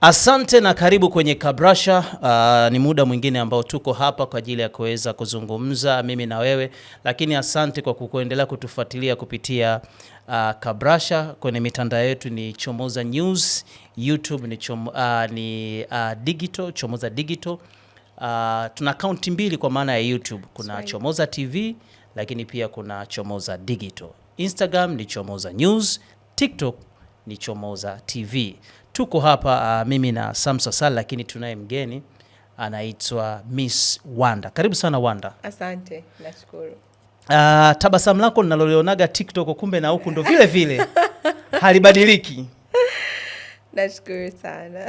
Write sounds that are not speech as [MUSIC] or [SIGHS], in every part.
Asante na karibu kwenye Kabrasha. Uh, ni muda mwingine ambao tuko hapa kwa ajili ya kuweza kuzungumza mimi na wewe, lakini asante kwa kuendelea kutufuatilia kupitia uh, Kabrasha kwenye mitandao yetu, ni Chomoza News YouTube, ni, chom, uh, ni uh, digital Chomoza Digital. Uh, tuna akaunti mbili kwa maana ya YouTube, kuna Sorry. Chomoza TV lakini pia kuna Chomoza Digital. Instagram ni Chomoza News, TikTok ni Chomoza TV. Tuko hapa uh, mimi na Samsa Sal, lakini tunaye mgeni anaitwa Miss Wanda. Karibu sana Wanda. Asante, nashukuru. Uh, tabasamu lako ninalolionaga TikTok kumbe na huku ndo vile vile [LAUGHS] halibadiliki. Nashukuru sana.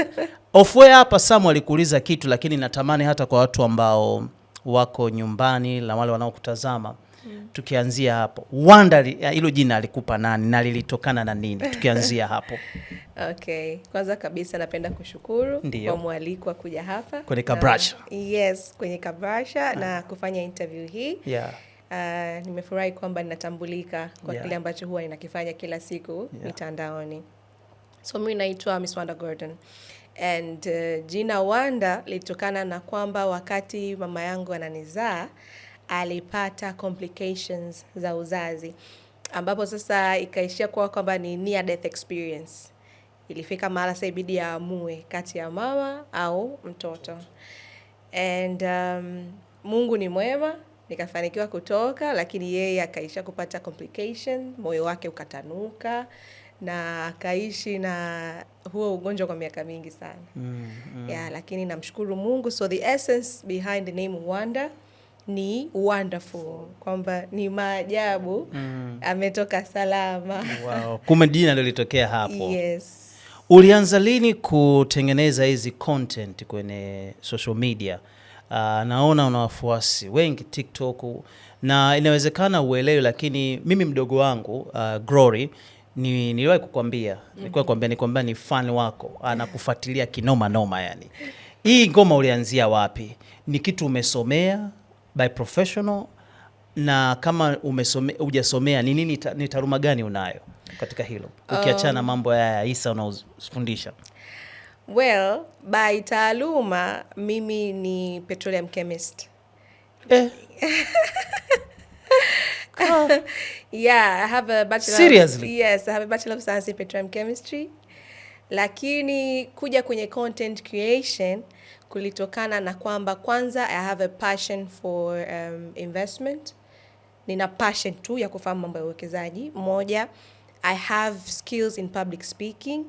[COUGHS] Ofwe hapa Samu alikuuliza kitu, lakini natamani hata kwa watu ambao wako nyumbani na wale wanaokutazama Tukianzia hapo Wanda, eh, hilo jina alikupa nani na lilitokana na nini? Tukianzia hapo [LAUGHS] okay. Kwanza kabisa napenda kushukuru Ndiyo. kwa mwaliko wa kuja hapa kwenye Kabrasha na, yes kwenye Kabrasha ah. na kufanya interview hii yeah. Uh, nimefurahi kwamba ninatambulika kwa yeah. kile ambacho huwa ninakifanya kila siku mitandaoni So mimi naitwa Miss Wanda Gordon and uh, jina Wanda lilitokana na kwamba wakati mama yangu ananizaa alipata complications za uzazi, ambapo sasa ikaishia kuwa kwamba ni near death experience. Ilifika mahala sasa ibidi aamue kati ya mama au mtoto and um, Mungu ni mwema, nikafanikiwa kutoka, lakini yeye akaisha kupata complication, moyo wake ukatanuka na akaishi na huo ugonjwa kwa miaka mingi sana mm, mm. Yeah, lakini namshukuru Mungu. So the essence behind the name Wonder ni wonderful, kwamba ni maajabu mm. ametoka salama. Wow. Kumbe jina lilitokea hapo. Yes. Ulianza lini kutengeneza hizi content kwenye social media? Uh, naona una wafuasi wengi TikTok na inawezekana uelewe, lakini mimi mdogo wangu uh, Glory ni niliwahi kukwambia nilikuwa mm-hmm. kwambia nikwambia ni fan wako anakufuatilia kinoma noma. Yani hii ngoma ulianzia wapi? Ni kitu umesomea by professional na kama hujasomea ni nini, ni taaluma gani unayo katika hilo ukiachana um, mambo ya isa unaofundisha? Well, by taaluma mimi ni petroleum chemist eh. [LAUGHS] Ah. chemistry, lakini kuja kwenye content creation kulitokana na kwamba kwanza I have a passion for um, investment. Nina passion tu ya kufahamu mambo ya uwekezaji. Moja, I have skills in public speaking,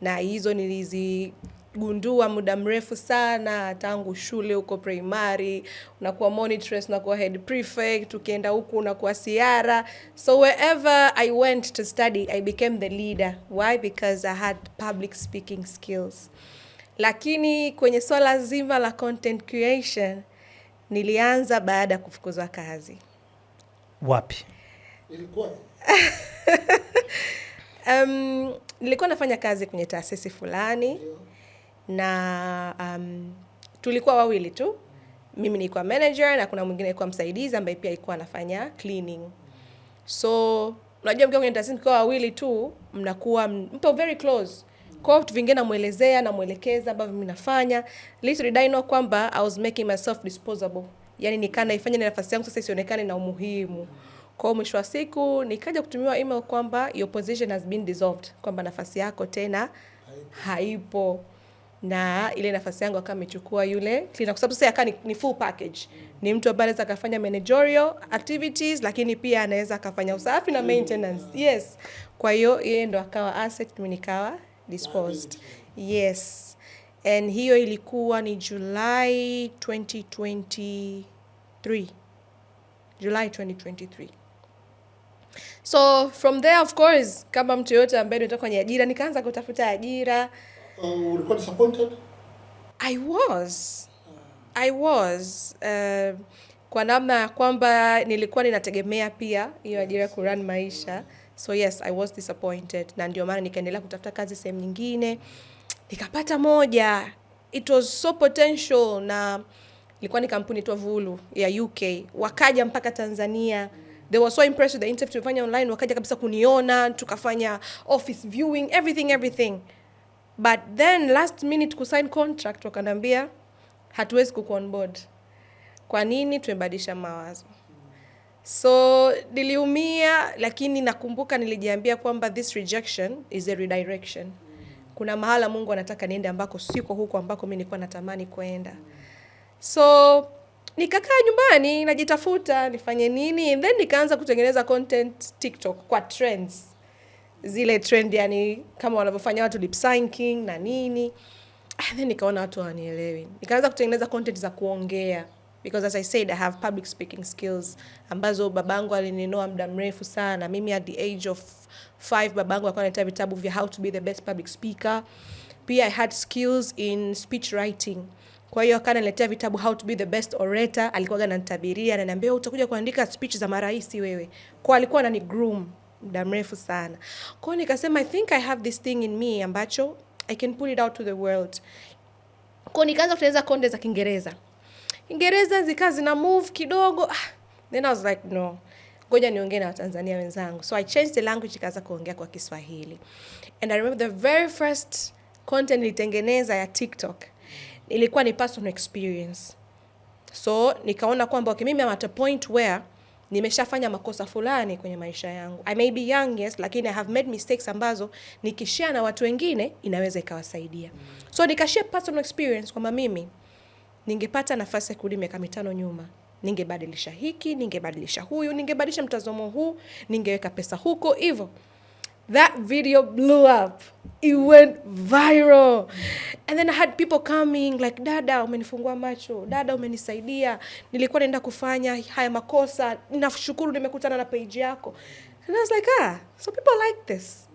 na hizo nilizigundua muda mrefu sana tangu shule huko primary, unakuwa monitress, unakuwa head prefect, ukienda huku unakuwa siara. So wherever I went to study I became the leader. Why? Because I had public speaking skills. Lakini kwenye swala zima la content creation nilianza baada ya kufukuzwa kazi. Wapi? [LAUGHS] um, nilikuwa nafanya kazi kwenye taasisi fulani na um, tulikuwa wawili tu, mimi nilikuwa manager na kuna mwingine alikuwa msaidizi ambaye pia alikuwa anafanya cleaning. So unajua mkiwa kwenye taasisi mkiwa wawili tu mnakuwa mpo very close kwao vitu vingine namwelezea, namwelekeza ambavyo mimi nafanya. Little kwamba I was making myself disposable. Yaani nikaa naifanya na nafasi yangu sasa isionekane na umuhimu. kwao mwisho wa siku nikaja kutumiwa email kwamba your position has been dissolved, kwamba nafasi yako tena haipo na ile nafasi yangu akaa amechukua yule cleaner, kwa sababu sasa akaa ni, ni full package. Ni mtu ambaye anaweza akafanya managerial activities, lakini pia anaweza akafanya usafi na maintenance. Yes, kwa hiyo yeye ndo akawa asset, mi nikawa disposed. Yes. And hiyo ilikuwa ni July 2023. July 2023. So from there of course, kama mtu yoyote ambaye nitoka kwenye ajira nikaanza kutafuta ajira. Uh, ulikuwa disappointed? I was. Ah. I was. Uh, kwa namna ya kwamba nilikuwa ninategemea pia hiyo ajira ya kuran maisha, so yes I was disappointed, na ndio maana nikaendelea kutafuta kazi sehemu nyingine, nikapata moja, it was so potential, na ilikuwa ni kampuni tu Vulu ya UK, wakaja mpaka Tanzania. They were so impressed with the interview tulifanya online, wakaja kabisa kuniona, tukafanya office viewing everything everything, but then last minute kusign contract wakanambia hatuwezi kuku on board. Kwa nini tumebadilisha mawazo? So niliumia, lakini nakumbuka nilijiambia kwamba this rejection is a redirection. Kuna mahala Mungu anataka niende ambako siko huko ambako mimi nilikuwa natamani kwenda. So nikakaa nyumbani najitafuta nifanye nini and then nikaanza kutengeneza content TikTok kwa trends. Zile trend yani kama wanavyofanya watu lip syncing na nini. And ah, then nikaona watu hawanielewi. Nikaanza kutengeneza content za kuongea because as I said I have public speaking skills ambazo babangu alininoa muda mrefu sana. Mimi at the age of five babangu alikuwa ananiletea vitabu vya how to be the best public speaker. Pia I had skills in speech writing. Kwa hiyo akaniletea vitabu how to be the best orator, alikuwa ananitabiria, ananiambia utakuja kuandika speech za marais wewe. Kwa alikuwa anani groom muda mrefu sana. Kwa hiyo nikasema I think I have this thing in me ambacho I can put it out to the world. Kwa nikaanza kutengeneza konde za Kiingereza. Ingereza zikawa zina move kidogo. Ah, then I was like no. Ngoja niongee na Watanzania wenzangu. So I changed the language ikaanza kuongea kwa Kiswahili. And I remember the very first content nilitengeneza ya TikTok ilikuwa ni personal experience. So nikaona kwamba okay, mimi am at a point where nimeshafanya makosa fulani kwenye maisha yangu. I may be young yes, lakini I have made mistakes ambazo nikishare na watu wengine inaweza ikawasaidia. So nikashare personal experience kwamba mimi ningepata nafasi ya kurudi miaka mitano nyuma, ningebadilisha hiki, ningebadilisha huyu, ningebadilisha mtazamo huu, ningeweka pesa huko hivyo. That video blew up. It went viral. And then I had people coming like, dada umenifungua macho, dada umenisaidia, nilikuwa naenda kufanya haya makosa, nashukuru nimekutana na page yako. And I was like, ah, so people like this.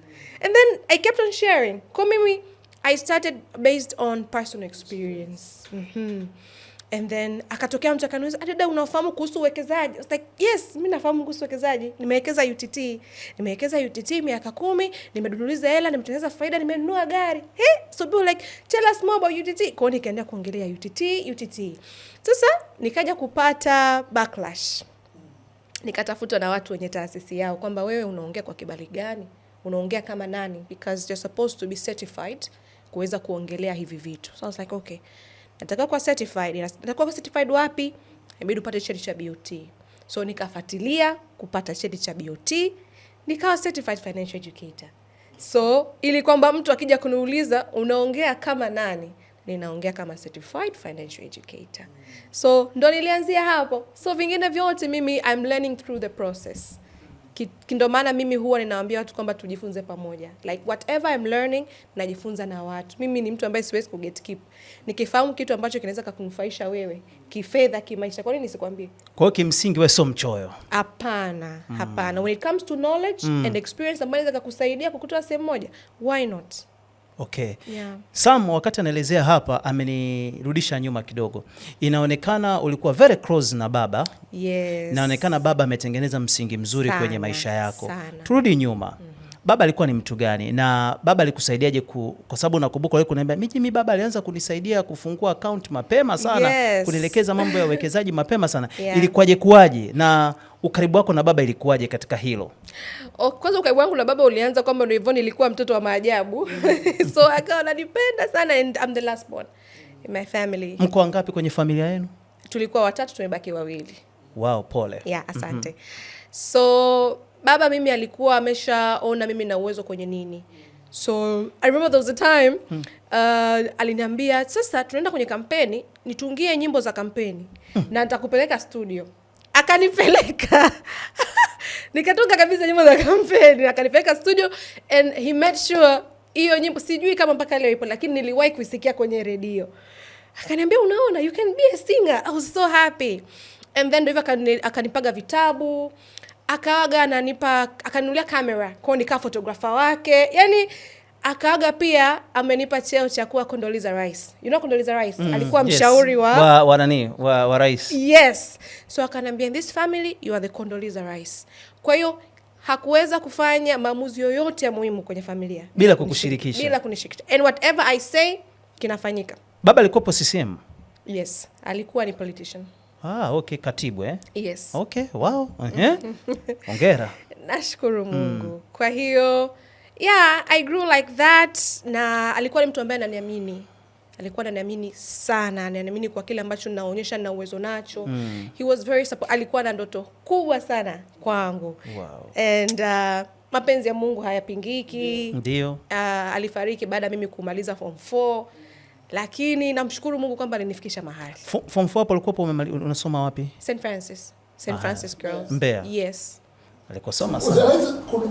And then I kept on sharing. Kwa mimi I started based on personal experience. Mm -hmm. And then akatokea mtu akaniuliza, dada, unafahamu kuhusu uwekezaji? I was like, yes, mimi nafahamu kuhusu uwekezaji. Nimewekeza UTT. Nimewekeza UTT miaka kumi, nimeduduliza hela, nimetengeneza faida, nimenunua gari. He? So people like, tell us more about UTT. Kwa hiyo nikaenda kuongelea UTT, UTT. Sasa nikaja kupata backlash. Nikatafutwa na watu wenye taasisi yao kwamba wewe unaongea kwa kibali gani? Unaongea kama nani? Because you're supposed to be certified kuweza kuongelea hivi vitu. So I was like okay, nataka kuwa certified. Nataka kuwa certified wapi? Inabidi upate cheti cha BOT. So nikafuatilia kupata cheti cha BOT, nikawa certified financial educator. So ili kwamba mtu akija kuniuliza unaongea kama nani, ninaongea kama certified financial educator. So ndo nilianzia hapo. So vingine vyote mimi I'm learning through the process kindo maana mimi huwa ninawaambia watu kwamba tujifunze pamoja, like whatever I'm learning najifunza na watu. Mimi ni mtu ambaye siwezi keep, Nikifahamu kitu ambacho kinaweza kukunufaisha wewe kifedha, kimaisha, kwa nini nisikwambie? Kwa hiyo kimsingi wewe sio mchoyo. Hapana, mm. hapana. When it comes to knowledge mm. and experience ambayo inaweza kukusaidia kukutoa sehemu moja, why not? Okay. Yeah. Sam wakati anaelezea hapa amenirudisha nyuma kidogo. Inaonekana ulikuwa very close na baba. Yes. Inaonekana baba ametengeneza msingi mzuri sana, kwenye maisha yako. Sana. Turudi nyuma. Mm baba alikuwa ni mtu gani na baba alikusaidiaje ku, kwa sababu nakumbuka wewe kuniambia mimi baba alianza kunisaidia kufungua account mapema sana yes. kunielekeza mambo ya uwekezaji mapema sana [LAUGHS] yeah. Ilikuwaje kuwaje na ukaribu wako na baba ilikuwaje katika hilo? Oh, kwanza ukaribu wangu na baba ulianza kwamba ndio hivyo, nilikuwa mtoto wa maajabu mm. [LAUGHS] so akawa ananipenda sana and I'm the last born in my family. Mko wangapi kwenye familia yenu? Tulikuwa watatu, tumebaki wawili. Wow, pole. Yeah, mhm. asante. Mm -hmm. So baba mimi alikuwa ameshaona mimi na uwezo kwenye nini so I remember there was a time uh, aliniambia sasa tunaenda kwenye kampeni nitungie nyimbo za kampeni hmm. na nitakupeleka studio akanipeleka [LAUGHS] nikatunga kabisa nyimbo za kampeni akanipeleka studio and he made sure hiyo nyimbo sijui kama mpaka leo ipo lakini niliwahi kuisikia kwenye redio akaniambia unaona you can be a singer I was so happy and then ndo hivyo akanipaga vitabu akaaga ananipa akanunulia kamera kwao, nikaa fotografa wake yani akaaga pia amenipa cheo cha kuwa Kondoliza Rice. You know Kondoliza rais mm, alikuwa yes, mshauri wa wa, wa, nani, wa, wa rais. Yes, so akanambia this family you are the Kondoliza rais Kwa hiyo hakuweza kufanya maamuzi yoyote ya muhimu kwenye familia bila kukushirikisha, bila kunishirikisha, and whatever I say kinafanyika. Baba alikuwa po CCM? Yes, alikuwa ni politician. Ah, okay, katibu eh? Yes. Okay, wow. Eh? Ongera. [LAUGHS] Nashukuru hmm. Mungu. Mm. Kwa hiyo yeah, I grew like that na alikuwa ni mtu ambaye ananiamini. Alikuwa ananiamini sana, ananiamini kwa kile ambacho naonyesha na uwezo nacho. Mm. He was very support. Alikuwa na ndoto kubwa sana kwangu. Wow. And uh, mapenzi ya Mungu hayapingiki. Ndio. Uh, alifariki baada ya mimi kumaliza form 4 lakini namshukuru Mungu kwamba alinifikisha mahali. Form 4 hapo ulikuwa unasoma wapi? St Francis. St Francis Girls. Mbeya. Yes. Alikosoma sana.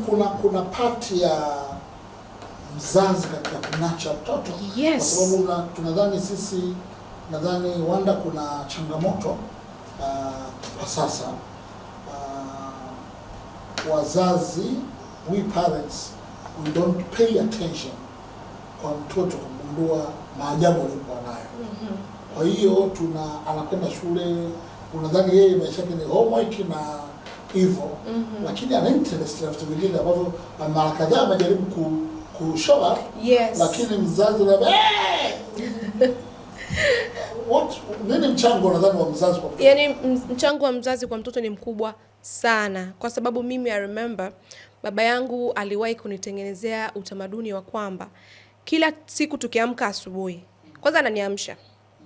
Kuna kuna pati ya mzazi katika kunacha mtoto. Yes. Kwa sababu na, tunadhani sisi nadhani Wanda kuna changamoto uh, kwa uh, sasa uh, wazazi we parents we don't pay attention kwa mtoto kugundua maajabu aliyokuwa nayo. Mm-hmm. Kwa hiyo tuna anakwenda shule, unadhani yeye maisha yake ni homework na hivyo mm -hmm. Lakini ana interest na vitu vingine ambavyo mara kadhaa amejaribu ku, kushola yes. Lakini mzazi na hey! [LAUGHS] What, nini mchango nadhani wa mzazi kwa mtoto? Yaani mchango wa mzazi kwa mtoto ni mkubwa sana, kwa sababu mimi I remember baba yangu aliwahi kunitengenezea utamaduni wa kwamba kila siku tukiamka asubuhi, kwanza ananiamsha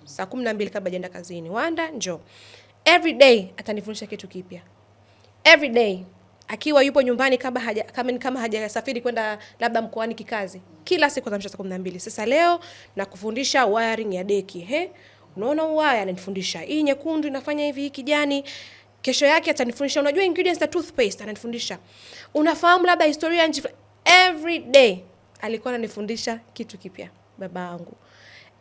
saa kumi na mbili kabla jaenda kazini, Wanda njoo. Every day atanifundisha kitu kipya every day akiwa yupo nyumbani kama haja, kama, kama hajasafiri kwenda labda mkoani kikazi, kila siku atamsha saa kumi na mbili. Sasa leo nakufundisha wiring ya deki, he, unaona uwaya, ananifundisha hii nyekundu inafanya hivi, hii kijani. Kesho yake atanifundisha, unajua ingredients za toothpaste, ananifundisha, unafahamu labda historia ya nchi. Every day alikuwa ananifundisha kitu kipya baba yangu,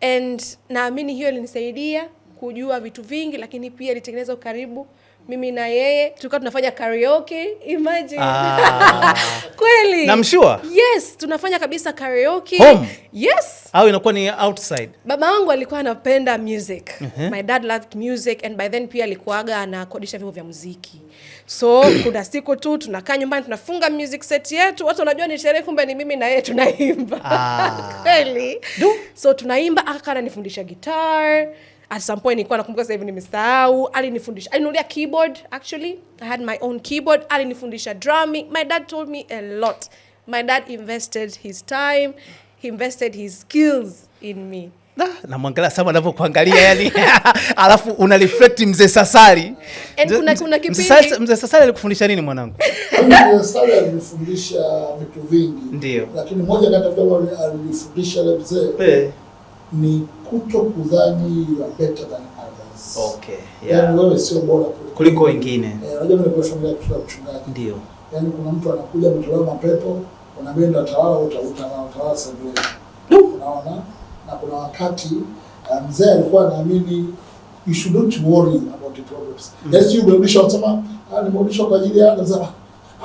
and naamini hiyo ilinisaidia kujua vitu vingi, lakini pia ilitengeneza ukaribu mimi na yeye tulikuwa tunafanya karaoke, imagine ah. [LAUGHS] Kweli namshua, yes, tunafanya kabisa karaoke home. Yes, au inakuwa ni outside. Baba wangu alikuwa anapenda music uh -huh. My dad loved music and by then pia alikuaga anakodisha vyombo vya muziki, so [COUGHS] kuna siku tu tunakaa nyumbani tunafunga music set yetu, watu wanajua ni sherehe, kumbe ni mimi na yeye tunaimba ah. [LAUGHS] Kweli so tunaimba, akaka ananifundisha guitar at some point nilikuwa nakumbuka, sasa hivi nimesahau. Alinifundisha, alinulia keyboard actually, I had my own keyboard. Alinifundisha drumming. My dad told me a lot. My dad invested his time, he invested his skills in me namwangalia Sama anavyokuangalia yani, [LAUGHS] alafu una reflect mzee Sasari. mzee Sasari alikufundisha nini mwanangu? Sasari alinifundisha vitu vingi, ndio, lakini moja kati ya alifundisha ile mzee eh ni kuto kudhani you are better than others. Okay, yeah. Yani wewe sio bora kuliko wengine. Eh, unajua mimi kwa familia ya mchungaji. Ndio. Yaani kuna mtu anakuja ametolewa mapepo, unaambia ndio atawala utawala utawala Ndio. Unaona? Na kuna wakati eh, mzee alikuwa anaamini you should not worry about the problems. Yes, you will umerudishwa unasema, ah, nimerudishwa kwa ajili ya anza.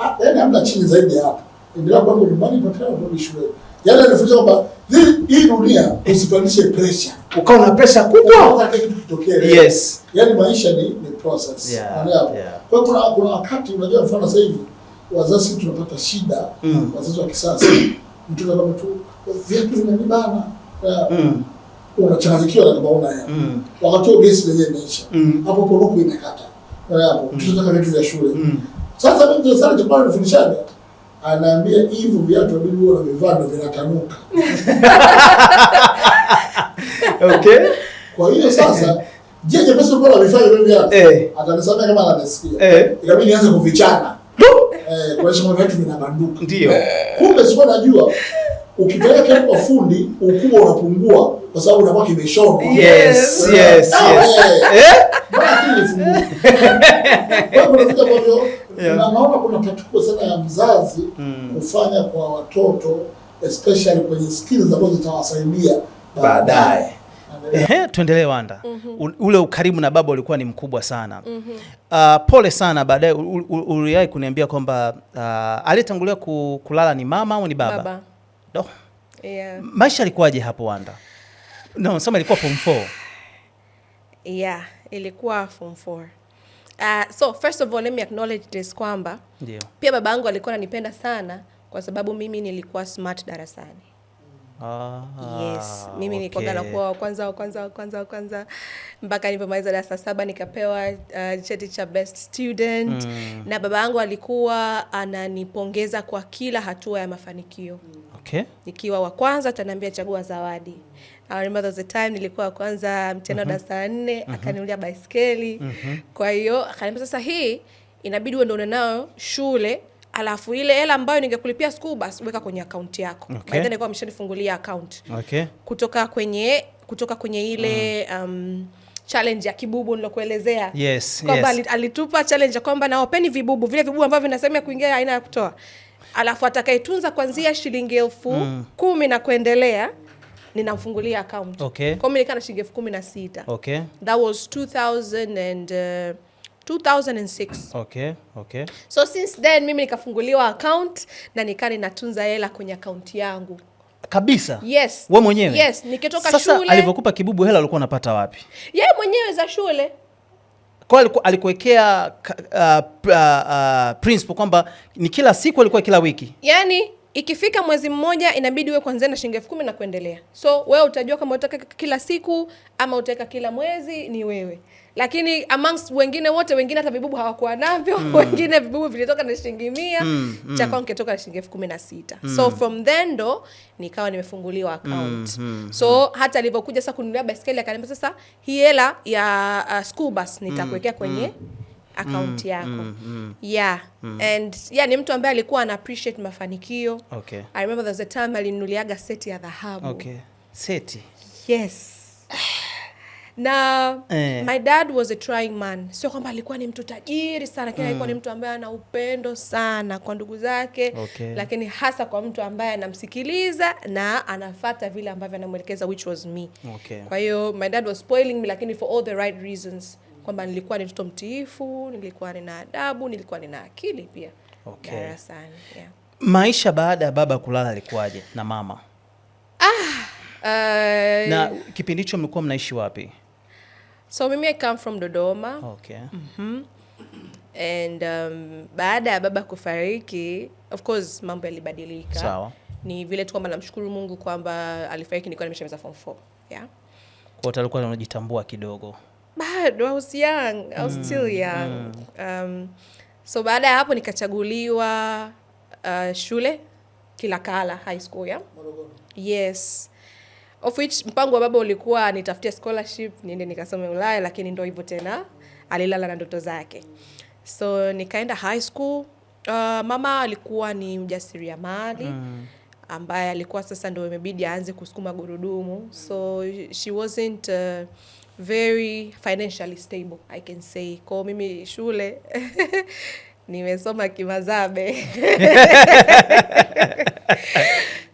ah, yani hamna chini zaidi hapo. Endelea kwa nyumbani, patao ndio shule. Yale yaani alifunza kwamba hii dunia usipandishe pressure ukawa na pressure kubwa, kitu yes. Yani maisha ni, ni process yeah, yeah. Kwa kuna kuna wakati unajua, mfano sasa hivi wazazi tunapata shida mm. Wazazi wa kisasa mtoto kama tu vitu vinanibana mm. Unachanganyikiwa na kama una hela mm. Wakati huo gesi yenyewe imeisha mm. hapo mm. Hapo inakata hapo mm. Tunataka vitu vya shule mm. Sasa mimi ndio sana tunayo fundishaga anaambia hivyo viatu abidi huwa navivaa ndo vinatanuka. Okay, kwa hiyo sasa je, pesa mbona amefanya hivyo viatu eh? atanisema kama anasikia eh, ikabidi nianze kuvichana eh, kwa sababu viatu vinabanduka. Ndio kumbe sikuwa najua ukipeleka kile kwa fundi ukubwa unapungua kwa sababu unakuwa kimeshonwa. Yes, yes, eh. Eh? naona kuna tatizo sana ya mzazi mm. kufanya kwa watoto especially kwenye skills ambazo zitawasaidia baadaye. Ehe, tuendelee Wanda. mm -hmm. Ule ukaribu na baba ulikuwa ni mkubwa sana. mm -hmm. Uh, pole sana baadaye uliwahi kuniambia kwamba uh, aliyetangulia kulala ni mama au ni baba, baba oh. yeah. maisha alikuwaje hapo Wanda? No, sema ilikuwa form 4. Yeah, ilikuwa form 4. Uh, ah, so first of all let me acknowledge this kwamba yeah. Pia babangu alikuwa ananipenda sana kwa sababu mimi nilikuwa smart darasani. Ah, yes, mimi okay. Nilikuwa na kuwa wa kwanza wa kwanza wa kwanza wa kwanza mpaka nilipomaliza darasa saba nikapewa uh, cheti cha best student mm. Na baba yangu alikuwa ananipongeza kwa kila hatua ya mafanikio okay. Nikiwa wa kwanza ataniambia chagua zawadi. I remember the time nilikuwa wa kwanza mtihani wa mm -hmm. darasa la nne mm -hmm. akaniulia baiskeli mm -hmm. Kwa hiyo akaniambia sasa, hii inabidi uende nayo shule alafu ile hela ambayo ningekulipia school basi weka kwenye akaunti yako. Okay. Baadaye nikawa ameshanifungulia account. Okay. Kutoka kwenye kutoka kwenye ile mm. um, challenge ya kibubu nilokuelezea. Yes, kwamba yes. Alitupa challenge ya kwamba naopeni vibubu vile vibubu ambavyo vinasema kuingia aina ya kutoa, alafu atakayetunza kuanzia shilingi elfu mm. kumi na kuendelea ninamfungulia akaunti. Okay. Kwa mimi nilikuwa na shilingi elfu kumi na sita. Okay. That was 2000 and uh, 2006. Okay, okay. So since then mimi nikafunguliwa account na nikaa ninatunza hela kwenye account yangu kabisa. Yes. we mwenyewe? Yes, nikitoka Sasa shule. Sasa alivyokupa kibubu hela alikuwa anapata wapi? Yeye mwenyewe za shule kwa alikuwekea uh, uh, uh, principle kwamba ni kila siku, alikuwa kila wiki, yani Ikifika mwezi mmoja inabidi uwe kwanzia na shilingi elfu kumi na kuendelea. So wewe utajua kama utaka kila siku ama utaweka kila mwezi, ni wewe. Lakini amongst wengine wote, wengine hata vibubu hawakuwa navyo mm. [LAUGHS] wengine vibubu vilitoka na shilingi mia mm, mm. cha kwangu na shilingi elfu kumi na sita mm. so from then ndo nikawa nimefunguliwa mm, account mm, mm, so hata alivyokuja sasa kununulia baiskeli akaniambia sasa hii hela ya uh, school bus nitakuwekea mm, kwenye mm akaunti mm, yako mm, mm, yeah mm. and yeah ni mtu ambaye alikuwa ana appreciate mafanikio okay. I remember there was a time alinuliaga seti ya dhahabu okay. seti yes [SIGHS] na eh. my dad was a trying man, sio kwamba alikuwa ni mtu tajiri sana lakini mm. alikuwa ni mtu ambaye ana upendo sana kwa ndugu zake okay. lakini hasa kwa mtu ambaye anamsikiliza na anafata vile ambavyo anamwelekeza which was me okay. kwa hiyo my dad was spoiling me, lakini for all the right reasons mm kwamba nilikuwa ni mtoto mtiifu, nilikuwa nina adabu, nilikuwa nina akili pia okay. darasani yeah. Maisha baada ya baba kulala alikuwaje na mama? ah, uh... na kipindi hicho mlikuwa mnaishi wapi? So mimi I come from Dodoma. Okay. mm -hmm. And um, baada ya baba kufariki, of course mambo yalibadilika. Sawa. Ni vile tu kwamba namshukuru Mungu kwamba alifariki nikiwa nimeshamaliza form 4. Yeah. Kwa hiyo alikuwa kidogo. God, [LAUGHS] I was young. I was mm, still young. Mm. Um, so baada ya hapo nikachaguliwa uh, shule Kilakala High School ya yes, of which mpango wa baba ulikuwa nitafutia scholarship niende nikasome Ulaya, lakini ndo hivyo tena, alilala na ndoto zake. So nikaenda high school. Uh, mama alikuwa ni mjasiriamali mm ambaye alikuwa sasa ndo imebidi aanze kusukuma gurudumu, so she wasn't uh, very financially stable I can say. Kwa mimi shule [LAUGHS] nimesoma kimazabe [LAUGHS]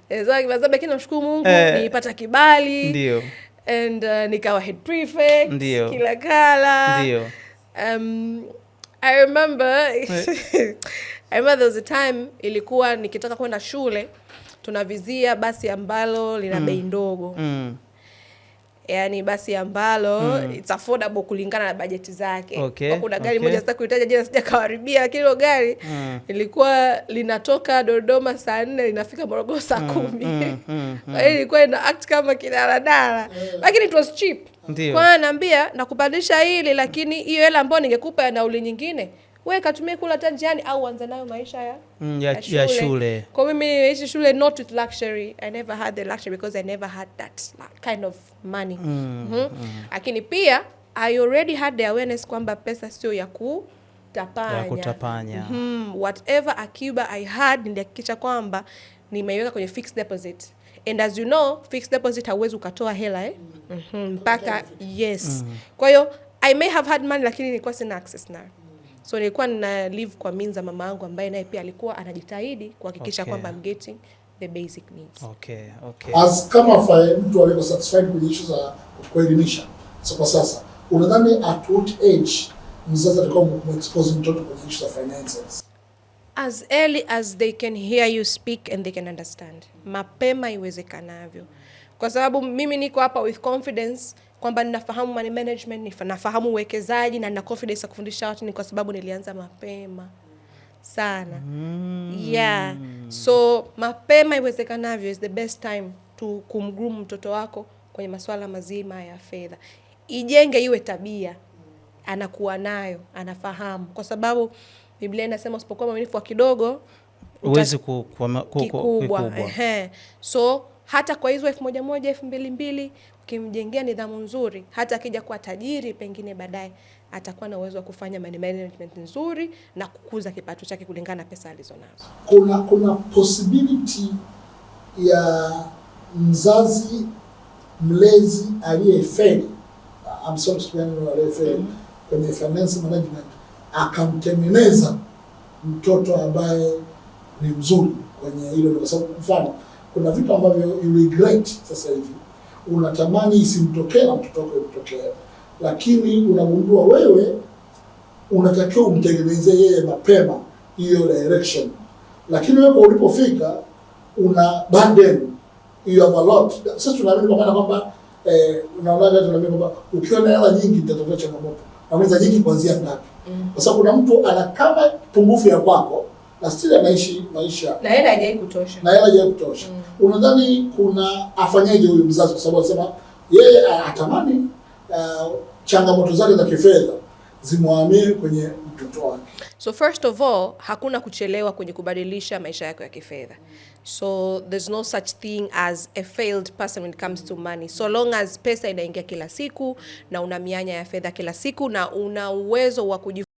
nimesoma kimazabe, lakini namshukuru Mungu eh, nilipata kibali ndio, and uh, nikawa head prefect ndio, kila kala ndio. Um, I remember [LAUGHS] I remember there was a time ilikuwa nikitaka kwenda shule tunavizia basi ambalo lina mm, bei ndogo mm yani basi ambalo mm. it's affordable kulingana na bajeti zake. Okay, kuna gari okay. moja sasa kuitaja jina sijakaharibia, lakini hilo gari mm. ilikuwa linatoka Dodoma saa nne linafika Morogoro saa hmm, kumi. mm, mm, mm, hiyo ilikuwa ina act kama kidaradara mm. lakini it was cheap. Kwa naambia nakupandisha hili lakini hiyo hela ambayo ningekupa ya nauli nyingine wewe katumie kula hata njiani, au anza nayo maisha ya, mm, ya, ya shule, Kwa mimi nimeishi shule not with luxury. I never had the luxury because I never had that kind of money. Mm, mm -hmm. mm. Lakini pia I already had the awareness kwamba pesa sio ya ku tapanya. Ya kutapanya. Mm -hmm. Whatever akiba I had nilihakikisha kwamba nimeiweka kwenye fixed deposit. And as you know, fixed deposit hauwezi ukatoa hela eh? mm -hmm. Mpaka yes. Mm. Kwa hiyo I may have had money lakini nilikuwa sina access nayo. So nilikuwa nina live kwa minza mama yangu ambaye naye pia alikuwa anajitahidi kuhakikisha okay, kwamba I'm getting the basic needs. Okay, okay. As kama mtu alikuwa satisfied kwenye issue za kuelimisha. So kwa sasa unadhani at what age mzazi atakuwa expose mtoto kwenye issue za finances? As early as they can hear you speak and they can understand. Mapema iwezekanavyo. Kwa sababu mimi niko hapa with confidence kwamba ninafahamu money management, nafahamu uwekezaji na nina confidence ya kufundisha watu, ni kwa sababu nilianza mapema sana mm. Yeah, so mapema iwezekanavyo is the best time to kumgroom mtoto wako kwenye masuala mazima ya fedha, ijenge iwe tabia anakuwa nayo, anafahamu, kwa sababu Biblia inasema usipokuwa mwaminifu wa kidogo uwezi kikubwa. So hata kwa hizo elfu moja moja elfu mbili mbili ukimjengea nidhamu nzuri, hata akija kuwa tajiri pengine baadaye atakuwa na uwezo wa kufanya money management nzuri na kukuza kipato chake kulingana na pesa alizonazo. Kuna kuna possibility ya mzazi mlezi aliyefeli aliyefeli kwenye finance management akamtengeneza mtoto ambaye ni mzuri kwenye hilo, kwa sababu mfano kuna vitu ambavyo you regret sasa hivi unatamani isimtokee na mtoto wako imtokee, lakini unagundua wewe unatakiwa umtengenezee yeye mapema hiyo direction, lakini wewe ulipofika una burden you have a lot. Sasa tunaamini kwa kwamba eh, unaona tunaamini kwamba ukiwa na hela nyingi itatokea changamoto, na nyingi kuanzia ngapi? Mm. Kwa sababu kuna mtu ana kama pungufu ya kwako na stili anaishi maisha na hela haijai kutosha, na hela haijai kutosha mm. Unadhani kuna afanyaje huyu mzazi? Kwa sababu anasema yeye atamani uh, changamoto zake za kifedha zimwamini kwenye mtoto wake. So first of all, hakuna kuchelewa kwenye kubadilisha maisha yako ya kifedha. So there's no such thing as a failed person when it comes to money. So long as pesa inaingia kila siku na una mianya ya fedha kila siku na una uwezo wa